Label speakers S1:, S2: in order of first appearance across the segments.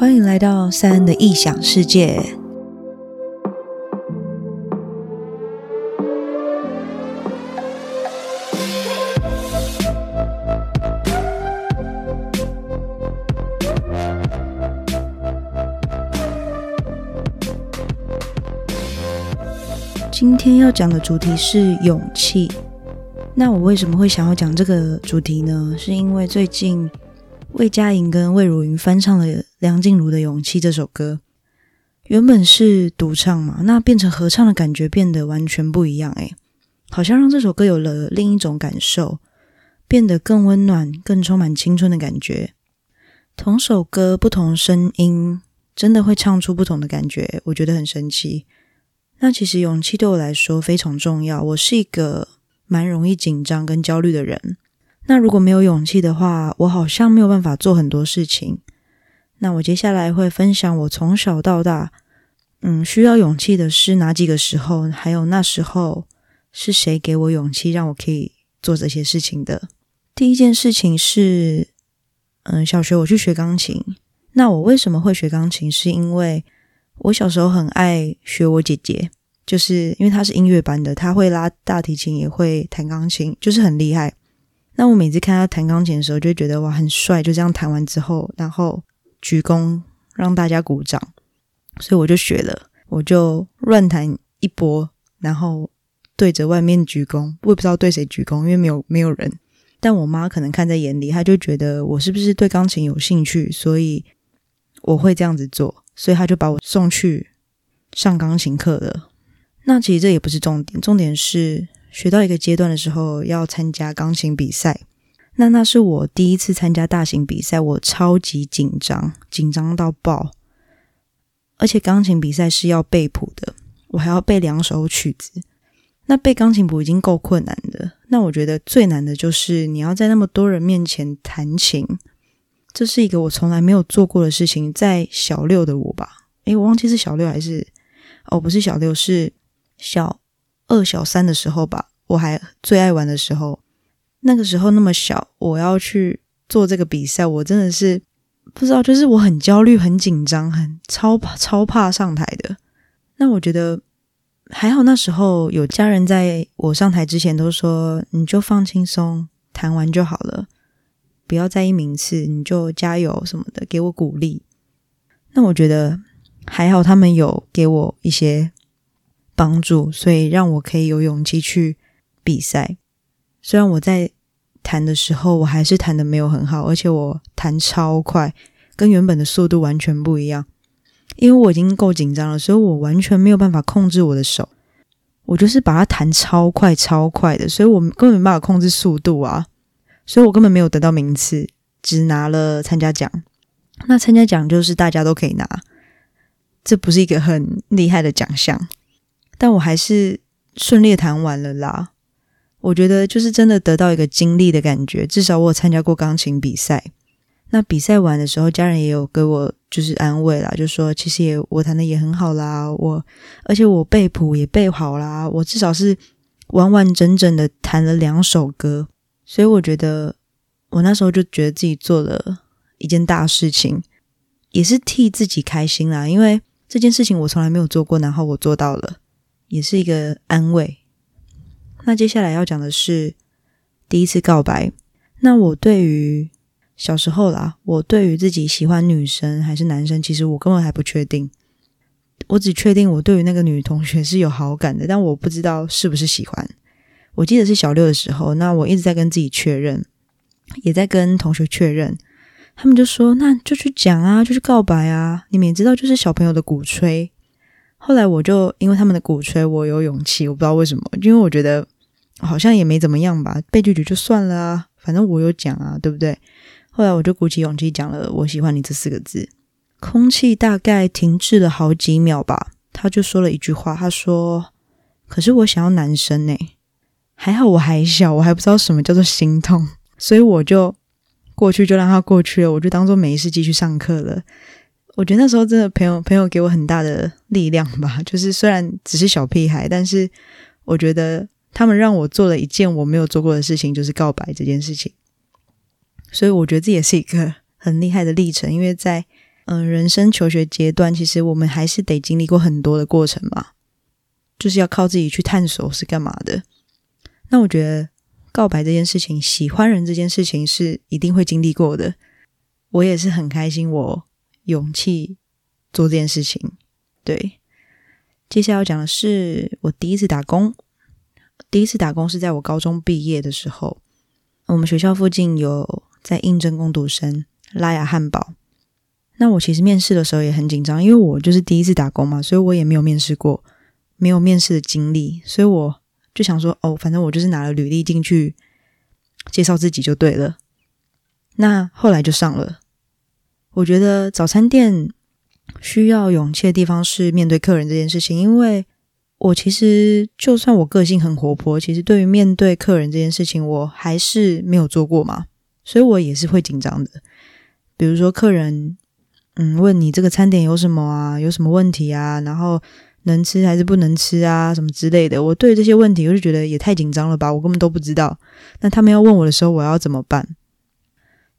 S1: 歡迎來到賽恩的異想世界。今天要講的主題是勇氣。那我為什麼會想要講這個主題呢？是因為最近魏嘉瑩跟魏如昀翻唱了。梁靜茹的《勇氣》這首歌原本是獨唱嘛，那變成合唱的感覺變得完全不一樣。誒，好像讓這首歌有了另一種感受，變得更溫暖、更充滿青春的感覺。同首歌不同聲音，真的會唱出不同的感覺，我覺得很神奇。那其實勇氣對我來說非常重要。我是一個蠻容易緊張跟焦慮的人，那如果沒有勇氣的話，我好像沒有辦法做很多事情。那我接下來會分享我從小到大，嗯，需要勇氣的是哪幾個時候？還有那時候是誰給我勇氣，讓我可以做這些事情的？第一件事情是，嗯，小學我去學鋼琴。那我為什麼會學鋼琴？是因為我小時候很愛學我姐姐，就是因為她是音樂班的，她會拉大提琴，也會彈鋼琴，就是很厲害。那我每次看她彈鋼琴的時候，就會覺得哇，很帥。就這樣彈完之後，然後。鞠躬，讓大家鼓掌，所以我就學了，我就亂彈一波，然後對着外面鞠躬，我也不知道對誰鞠躬，因為沒有沒有人。但我媽可能看在眼裡，她就覺得我是不是對鋼琴有興趣，所以我會這樣子做，所以她就把我送去上鋼琴課了。那其實這也不是重點，重點是學到一個階段的時候要參加鋼琴比賽。那那是我第一次參加大型比賽，我超級緊張，緊張到爆。而且鋼琴比賽是要背譜的，我還要背兩首曲子。那背鋼琴譜已經夠困難的，那我覺得最難的就是你要在那麼多人面前彈琴，這是一個我從來沒有做過的事情。在小六的我吧，誒、欸，我忘記是小六還是哦，不是小六，是小二、小三的時候吧，我還最愛玩的時候。那個時候那麼小，我要去做這個比賽，我真的是不知道，就是我很焦慮、很緊張、很超怕、超怕上台的。那我覺得還好，那時候有家人在我上台之前都說：“你就放輕鬆，彈完就好了，不要在意名次，你就加油什麼的，給我鼓勵。”那我覺得還好，他們有給我一些幫助，所以讓我可以有勇氣去比賽。雖然我在彈的時候，我還是彈得沒有很好，而且我彈超快，跟原本的速度完全不一樣。因為我已經夠緊張了，所以我完全沒有辦法控制我的手，我就是把它彈超快、超快的，所以我根本沒有辦法控制速度啊，所以我根本沒有得到名次，只拿了參加獎。那參加獎就是大家都可以拿，這不是一個很厲害的獎項，但我還是順利彈完了啦。我覺得就是真的得到一個經歷的感覺，至少我有參加過鋼琴比賽。那比賽完的時候，家人也有給我就是安慰啦，就說其實也我彈得也很好啦，我而且我背譜也背好啦，我至少是完完整整的彈了兩首歌。所以我覺得我那時候就覺得自己做了一件大事情，也是替自己開心啦，因為這件事情我從來沒有做過，然後我做到了，也是一個安慰。那接下來要講的是第一次告白。那我對於小時候啦，我對於自己喜歡女生還是男生，其實我根本還不確定。我只確定我對於那個女同學是有好感的，但我不知道是不是喜歡。我記得是小六的時候，那我一直在跟自己確認，也在跟同學確認。他們就說：“那就去講啊，就去告白啊！”你們也知道就是小朋友的鼓吹。後來我就因為他們的鼓吹，我有勇氣。我不知道為什麼，因為我覺得。好像也沒怎麼樣吧，被拒絕就算了啊，反正我有講啊，對不對？後來我就鼓起勇氣講了“我喜歡你”這四個字，空氣大概停滯了好幾秒吧，他就說了一句話，他說：“可是我想要男生呢、欸。”還好我還小，我還不知道什麼叫做心痛，所以我就過去就讓他過去了，我就當做沒事繼續上課了。我覺得那時候真的朋友朋友給我很大的力量吧，就是雖然只是小屁孩，但是我覺得。他們讓我做了一件我沒有做過的事情，就是告白這件事情。所以我覺得這也是一個很厲害的歷程，因為在嗯，呃，人生求學階段，其實我們還是得經歷過很多的過程嘛，就是要靠自己去探索是幹嘛的。那我覺得告白這件事情，喜歡人這件事情是一定會經歷過的。我也是很開心，我勇氣做這件事情。對，接下來要講的是我第一次打工。第一次打工是在我高中畢業的時候，我們學校附近有在應徵工讀生，拉雅漢堡。那我其實面試的時候也很緊張，因為我就是第一次打工嘛，所以我也沒有面試過，沒有面試的經歷，所以我就想說，哦，反正我就是拿了履歷進去介紹自己就對了。那後來就上了。我覺得早餐店需要勇氣的地方是面對客人這件事情，因為，我其實就算我個性很活潑，其實對於面對客人這件事情，我還是沒有做過嘛，所以我也是會緊張的。比如說客人嗯問你這個餐點有什麼啊，有什麼問題啊，然後能吃還是不能吃啊，什麼之類的，我對這些問題我就覺得也太緊張了吧，我根本都不知道。那他們要問我的時候，我要怎麼辦？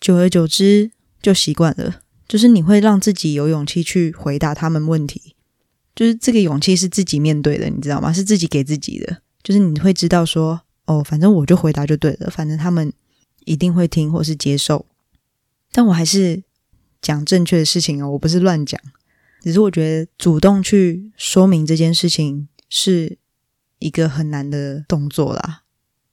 S1: 久而久之就習慣了，就是你會讓自己有勇氣去回答他們問題。就是這個勇氣是自己面對的，你知道嗎？是自己給自己的。就是你會知道說，哦，反正我就回答就對了，反正他們一定會聽或是接受。但我還是講正確的事情哦，我不是亂講。只是我覺得主動去說明這件事情是一個很難的動作啦，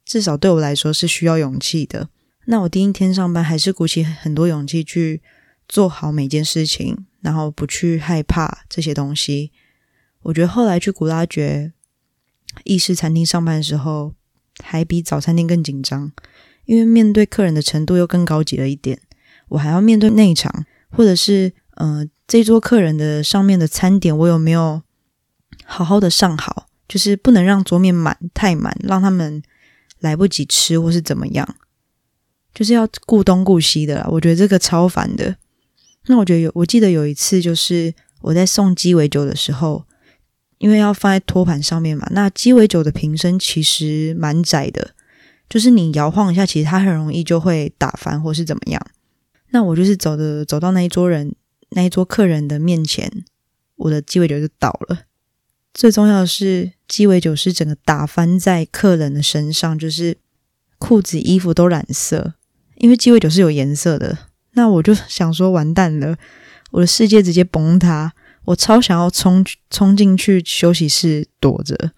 S1: 至少對我來說是需要勇氣的。那我第一天上班還是鼓起很多勇氣去做好每件事情，然後不去害怕這些東西。我覺得後來去古拉爵意式餐廳上班的時候，還比早餐店更緊張，因為面對客人的程度又更高級了一點。我還要面對內場，或者是呃，這桌客人的上面的餐點，我有沒有好好的上好？就是不能讓桌面滿太滿，讓他們來不及吃或是怎麼樣，就是要顧東顧西的啦，我覺得這個超煩的。那我覺得有，我記得有一次就是我在送雞尾酒的時候。因為要放在托盤上面嘛，那雞尾酒的瓶身其實蠻窄的，就是你搖晃一下，其實它很容易就會打翻或是怎麼樣。那我就是走的走到那一桌人，那一桌客人的面前，我的雞尾酒就倒了。最重要的是，雞尾酒是整個打翻在客人的身上，就是褲子、衣服都染色，因為雞尾酒是有顏色的。那我就想說，完蛋了，我的世界直接崩塌。我超想要衝衝進去休息室躲着，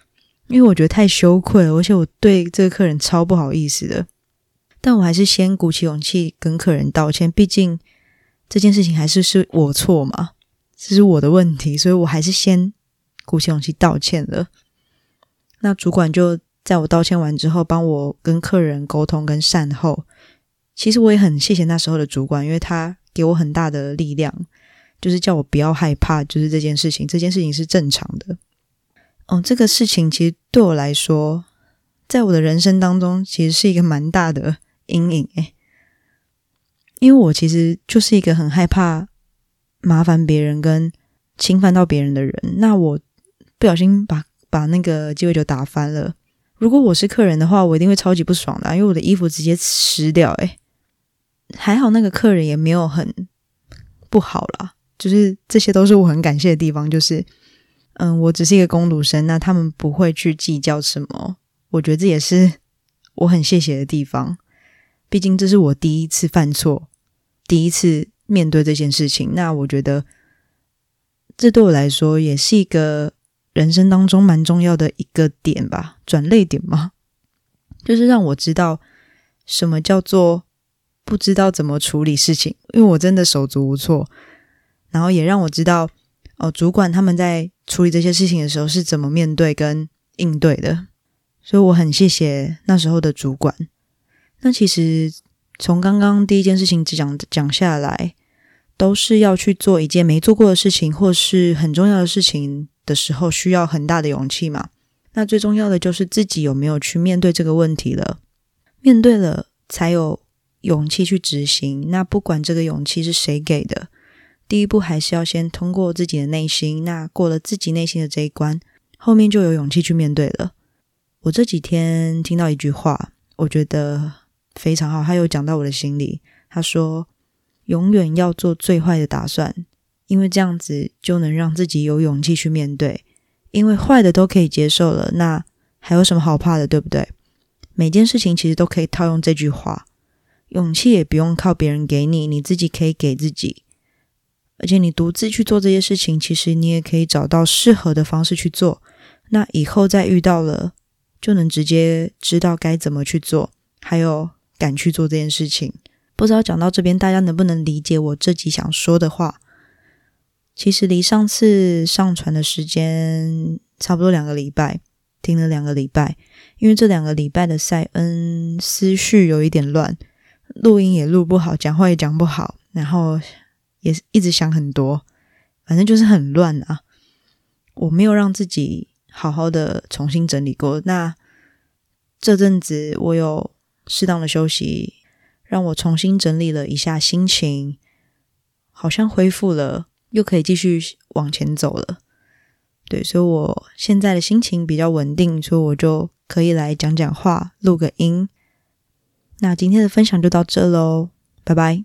S1: 因為我覺得太羞愧了，而且我對這個客人超不好意思的。但我還是先鼓起勇氣跟客人道歉，畢竟這件事情還是是我錯嘛，這是我的問題，所以我還是先鼓起勇氣道歉了。那主管就在我道歉完之後，幫我跟客人溝通跟善後。其實我也很謝謝那時候的主管，因為他給我很大的力量。就是叫我不要害怕，就是這件事情，這件事情是正常的。哦，這個事情其實對我來說，在我的人生當中，其實是一個蠻大的陰影誒。因為我其實就是一個很害怕麻煩別人跟侵犯到別人的人。那我不小心把把那個雞尾酒打翻了，如果我是客人的話，我一定會超級不爽的啊，因為我的衣服直接濕掉誒。還好那個客人也沒有很不好啦。就是這些都是我很感謝的地方，就是嗯，我只是一個工讀生，那他們不會去計較什麼，我覺得這也是我很謝謝的地方。畢竟這是我第一次犯錯，第一次面對這件事情，那我覺得這對我來說也是一個人生當中蠻重要的一個點吧，轉捩點嘛，就是讓我知道什麼叫做不知道怎麼處理事情，因為我真的手足無措。然後也讓我知道，哦，主管他們在處理這些事情的時候是怎麼面對跟應對的，所以我很謝謝那時候的主管。那其實從剛剛第一件事情講講下來，都是要去做一件沒做過的事情或是很重要的事情的時候，需要很大的勇氣嘛。那最重要的就是自己有沒有去面對這個問題了，面對了才有勇氣去執行。那不管這個勇氣是誰給的。第一步還是要先通過自己的內心，那過了自己內心的這一關，後面就有勇氣去面對了。我這幾天聽到一句話，我覺得非常好，他又講到我的心裡。他說：“永遠要做最壞的打算，因為這樣子就能讓自己有勇氣去面對，因為壞的都可以接受了，那還有什麼好怕的，對不對？每件事情其實都可以套用這句話，勇氣也不用靠別人給你，你自己可以給自己。”而且你獨自去做這些事情，其實你也可以找到適合的方式去做。那以後再遇到了，就能直接知道該怎麼去做，還有敢去做這件事情。不知道講到這邊，大家能不能理解我這集想說的話？其實離上次上傳的時間差不多兩個禮拜，停了兩個禮拜，因為這兩個禮拜的賽恩思緒有一點亂，錄音也錄不好，講話也講不好，然後，也是一直想很多，反正就是很亂啊！我沒有讓自己好好的重新整理過。那這陣子我有適當的休息，讓我重新整理了一下心情，好像恢復了，又可以繼續往前走了。對，所以我現在的心情比較穩定，所以我就可以來講講話、錄個音。那今天的分享就到這嘍，拜拜。